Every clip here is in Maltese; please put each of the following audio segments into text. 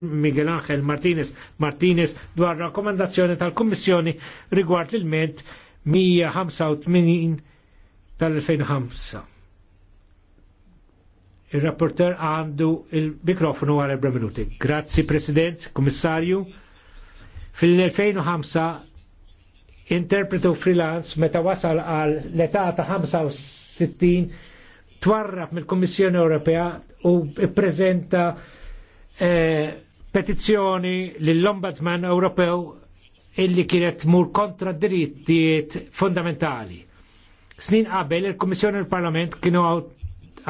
Miguel Angel Martinez Martinez dwar rakkomandazzjoni tal-Kommissjoni rigward il-ment 185 tal-2005. Il-rapporter għandu il-mikrofonu għal ebra minuti. Grazzi, President, Kommissarju. Fil-2005 interpretu freelance meta wasal għal l-età ta' 65 twarraf mill-Kommissjoni Ewropea u prezenta eh, petizzjoni lill-Ombudsman Ewropew illi kienet mur kontra drittijiet fundamentali. Snin qabel il-Kummissjoni u l-Parlament kienu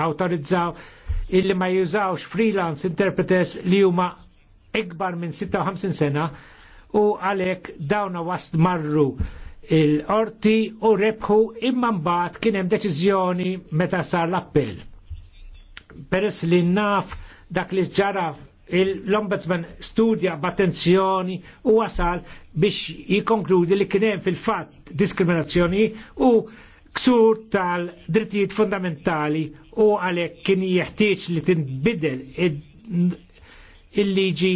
awtorizzaw illi ma jużawx freelance interpreters li huma ikbar minn 56 sena u għalek dawna wast marru il-orti u rebħu imma mbagħad kien hemm deċiżjoni meta sar l-appell. Peress li naf dak li ġara l-ombudsman studja b'attenzjoni u wasal biex jikonkludi li kien hemm fil fatt diskriminazzjoni u ksur tal-drittijiet fundamentali u għalhekk kien jeħtieġ li tinbidel il-liġi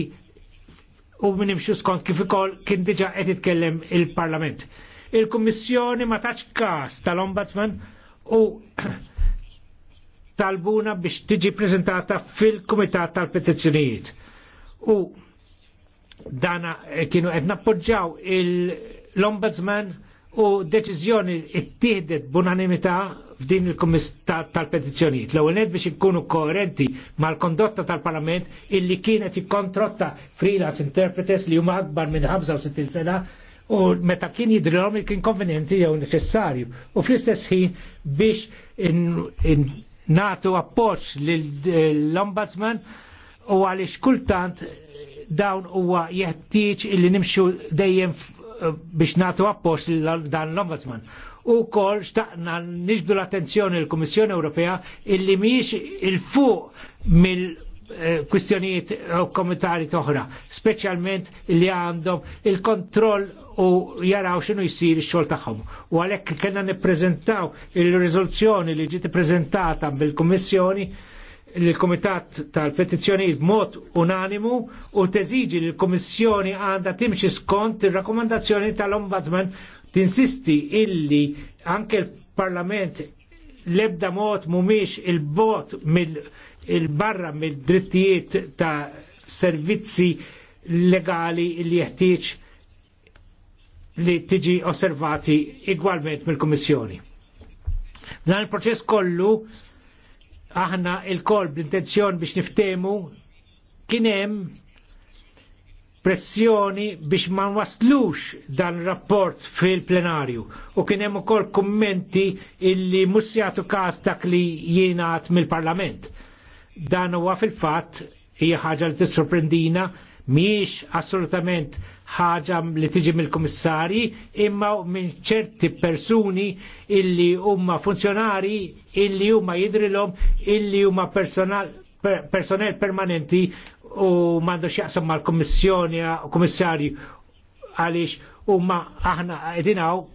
u imxu skont kif ukoll kien diġa qed jitkellem il-Parlament. Il-Kummissjoni ma tax kas tal-Ombudsman u talbuna biex tiġi prezentata fil-Kumitat tal-Petizzjonijiet. U dana eh, kienu qed nappoġġaw l-Ombudsman u deċiżjoni ittieħdet b'unanimità f'din il-Kumitat tal-Petizzjonijiet. L-ewwel nett biex ikunu koerenti mal-kondotta tal-Parlament illi kienet ikkontrotta freelance interpreters li huma akbar minn 65 sena u meta kien jidrilhom kien konvenjenti jew neċessarju. U fl-istess ħin biex natu appoċ eh, l-ombudsman u għalix kultant dawn huwa jeħtieġ illi nimxu dejjem eh, biex natu appoċ dan l-ombudsman. U kol xtaqna nixdu l-attenzjoni l komissjoni Ewropea illi miex il-fuq mill Eh, kwistjonijiet u komitari toħra, specialment li għandhom il-kontroll u jaraw xinu jisir xol taħħom. U għalek kena neprezentaw il-rizoluzzjoni li ġiti prezentata bil-Kommissjoni il komitat tal petizjoni mod unanimu u teżiġi li l-Kommissjoni għanda timxi skont il rakomandazzjoni tal-Ombudsman tinsisti illi anke l-Parlament lebda mod mumiex il-bot mill il-barra mill-drittijiet ta' servizzi legali li jeħtieġ li tiġi osservati igwalment mill-Kummissjoni. Dan il-proċess kollu aħna il-kol bl-intenzjon biex niftemu hemm pressjoni biex ma waslux dan rapport fil-plenarju u kien hemm ukoll kummenti illi mussjatu każ dak li jienat mill-parlament. Dan huwa fil-fatt hija ħaġa li tissorprendina miex assolutament ħaġa li tiġi mill-komissari imma minn ċerti persuni illi huma funzjonari illi huma jidrilhom illi huma personal per, personel permanenti u mandu xjaqsam mal-komissjoni għalix għaliex huma aħna edinaw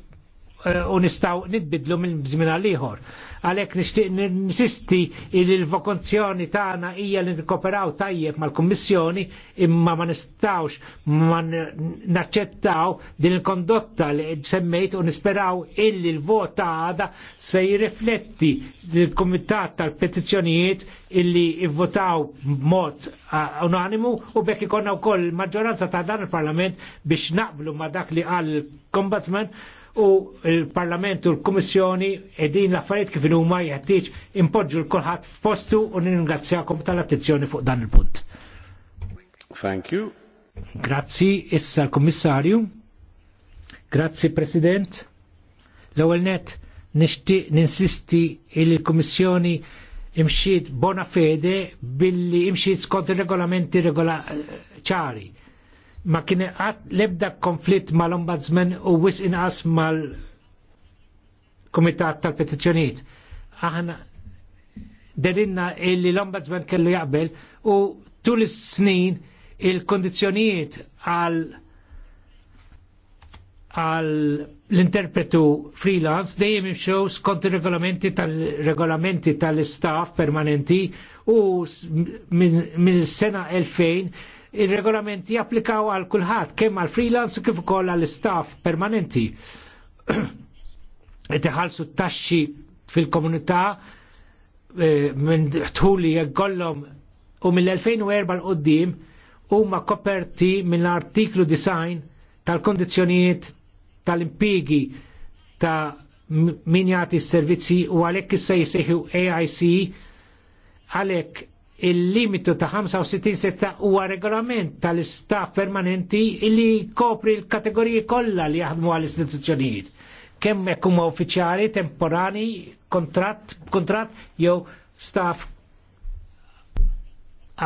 Eh, u nistaw nitbidlu minn bżmin għal-liħor. Għalek nishtiq ninsisti il l-vokonzjoni tagħna hija li nikoperaw tajjeb mal-Kummissjoni imma ma nistawx ma naċċettaw din il-kondotta li semmejt u nisperaw illi l-vot għada se jirifletti il kumitat tal-Petizzjonijiet illi votaw mod eh, unanimu u bekk ikonna wkoll maġġoranza ta' dan il-Parlament biex naqblu ma dak li għal kombatsman u il-Parlament u l-Komissjoni edin l-affarijiet kif huma jeħtieġ impoġġu l-kulħadd f'postu u ningrazzjakom tal-attenzjoni fuq dan il-punt. Thank you. Grazzi issa l-Kummissarju. Grazzi President. L-ewwel net nixtieq ninsisti il l-Kummissjoni imxiet bona fede billi imxiet skont ir-regolamenti regola ċari ma kien għat lebda konflitt ma l ombudsman u wis inqas mal komitat tal petizjoniet Aħna derinna illi l-ombudsman kellu jaqbel u tul is-snin il-kondizzjonijiet għal għal l-interpretu freelance dejjem imxew skont ir-regolamenti tal-regolamenti tal staff permanenti u minn sena 2000 il-regolamenti japplikaw għal kulħadd kemm għal freelance u kif ukoll għal staff permanenti. t taxxi fil-komunità eh, minn tħuli jgħollom u mill-2004 l-qoddim huma koperti mill-artiklu design tal-kondizjonijiet tal-impigi ta' min jagħti s-servizzi u għalhekk issa jseħħu AIC għalhekk il-limitu ta' 65 huwa regolament tal-istaff permanenti li kopri l-kategoriji kollha li jaħdmu għall istituzzjonijiet kemm hekk huma uffiċjali temporani kontratt kontratt jew staff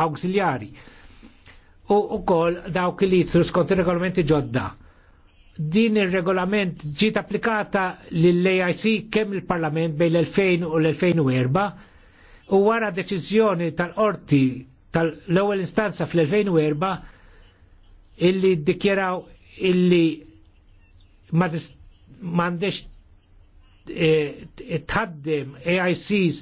awżiljari. U wkoll dawk li jitru skont ir-regolamenti ġodda. Din ir-regolament ġiet applikata lill aic kemm il-Parlament bejn l-2000 u l-2004 u wara deċiżjoni tal-qorti tal-ewwel instanza fl-2004 illi dikjeraw illi m'għandex eh, tħaddem AICs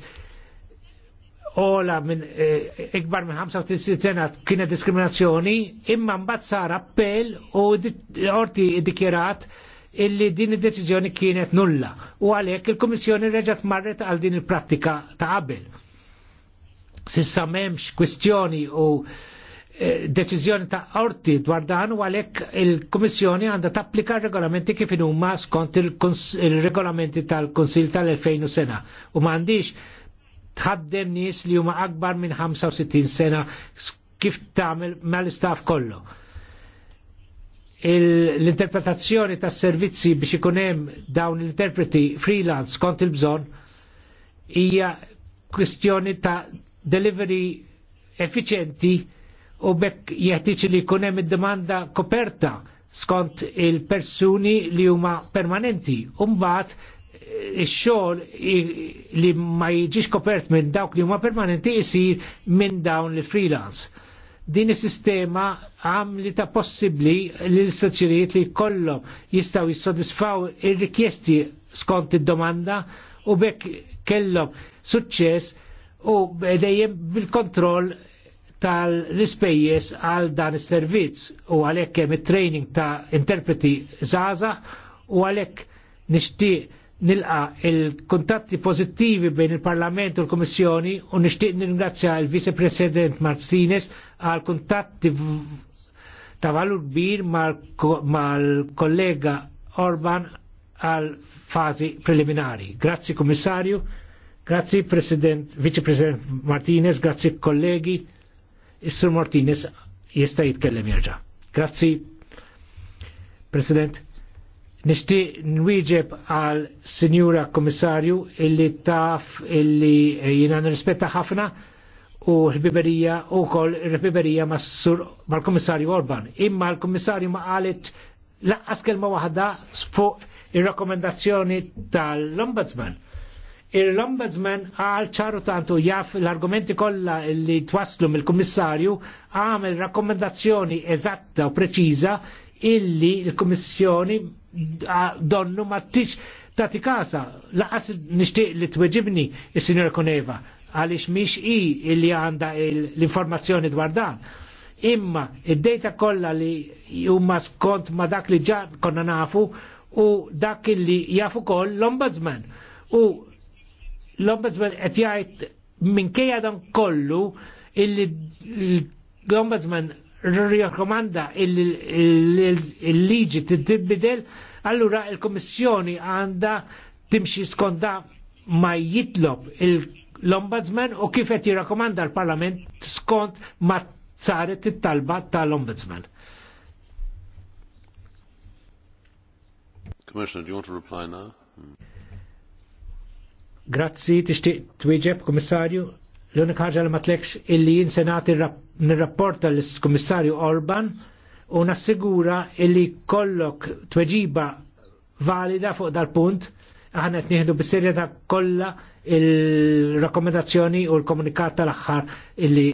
ola minn eh, ikbar minn 35 sena kienet diskriminazzjoni, imma mbagħad sar appell u orti dikjerat illi din id-deċiżjoni kienet nulla. U għalhekk il-Kummissjoni reġgħet marret għal din il-prattika ta' qabel sissa memx kwistjoni u eh, deċiżjoni ta' qorti dwar dan u għalhekk il-Kummissjoni għandha tapplika regolamenti kif huma skont il-regolamenti tal-Kunsil tal-2000 sena u m'għandix tħaddem nies li huma akbar minn 65 sena kif tagħmel mal-istaff kollu. L-interpretazzjoni tas servizzi biex ikun hemm dawn l-interpreti freelance kont il-bżonn hija kwistjoni ta' delivery efficienti u bekk jeħtieġ li jkun hemm id-demanda koperta skont il-persuni li huma permanenti. u mbagħad eh, ix-xogħol li ma jiġix kopert minn dawk li huma permanenti jsir minn dawn li freelance. Din is-sistema għamli ta' possibbli li l-istazzjonijiet li kollhom jistgħu jissodisfaw ir-rikjesti skont id-domanda u bekk kellhom suċċess u dejjem bil-kontroll tal-ispejjeż għal dan is-servizz u għalhekk hemm it-training ta' interpreti żgħażagħ u għalhekk nixtieq nilqa il-kontatti pozittivi bejn il-Parlament u l kommissjoni u nixtieq nirringrazzja l vice President Martinez għal kontatti ta' valur kbir mal-kollega Orban għal fazi preliminari. Grazzi Komissarju. Grazzi President, Vice President Martinez, grazzi kollegi. Is-Sur Martinez jista' jitkellem jerġa'. Grazzi President. Nishtiq nwieġeb għal Sinjura Komissarju illi taf illi eh, jina nirrispetta ħafna u l-biberija u kol l-biberija ma' sur mal-Komissarju Orban. Imma l-Komissarju ma' għalit laqqas kelma wahada fuq ir rakkomendazzjoni tal-Ombudsman Il-Ombudsman għal ċaru tantu jaff l-argumenti kollha li twaslu mill-Kummissarju għamel rakkomendazzjoni eżatta u preċiża illi l-Kummissjoni donnu ma tix tati kasa laqas nixtieq li tweġibni il sinjor Koneva għaliex miex i illi għanda l-informazzjoni dwar dan imma id-data kollha li huma skont ma dak li ġan konna nafu u dak li jafu koll l-ombudsman. U l-ombudsman qed jgħid minkejja dan kollu illi l-ombudsman rjakkomanda il-liġi t-dibbidel, allura il-Kommissjoni għanda timxi skonda ma jitlob l-Ombudsman u kif qed jirrakkomanda l-Parlament skont ma saret it-talba tal-Ombudsman. Commissioner, do you want to reply now? Grazzi, tixtieq twieġeb, Kummissarju. L-unika ħaġa li ma tlekx illi jien se nagħti l-Kummissarju Orban u nassigura illi kollok tweġiba valida fuq dal-punt aħna qed nieħdu bis kollha il-rakkomendazzjoni u l-komunikat tal-aħħar illi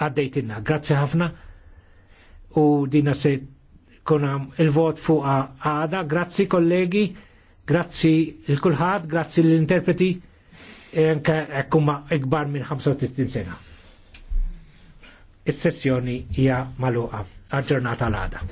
għaddejtinna. Grazzi ħafna u dina se kunam il-vot fuq għada. Grazzi kollegi. Grazzi il-kulħad, grazzi l-interpreti, e anka ekkumma ikbar minn 35 sena. Is-sessjoni hija maluqa, għal ġurnata l-għada.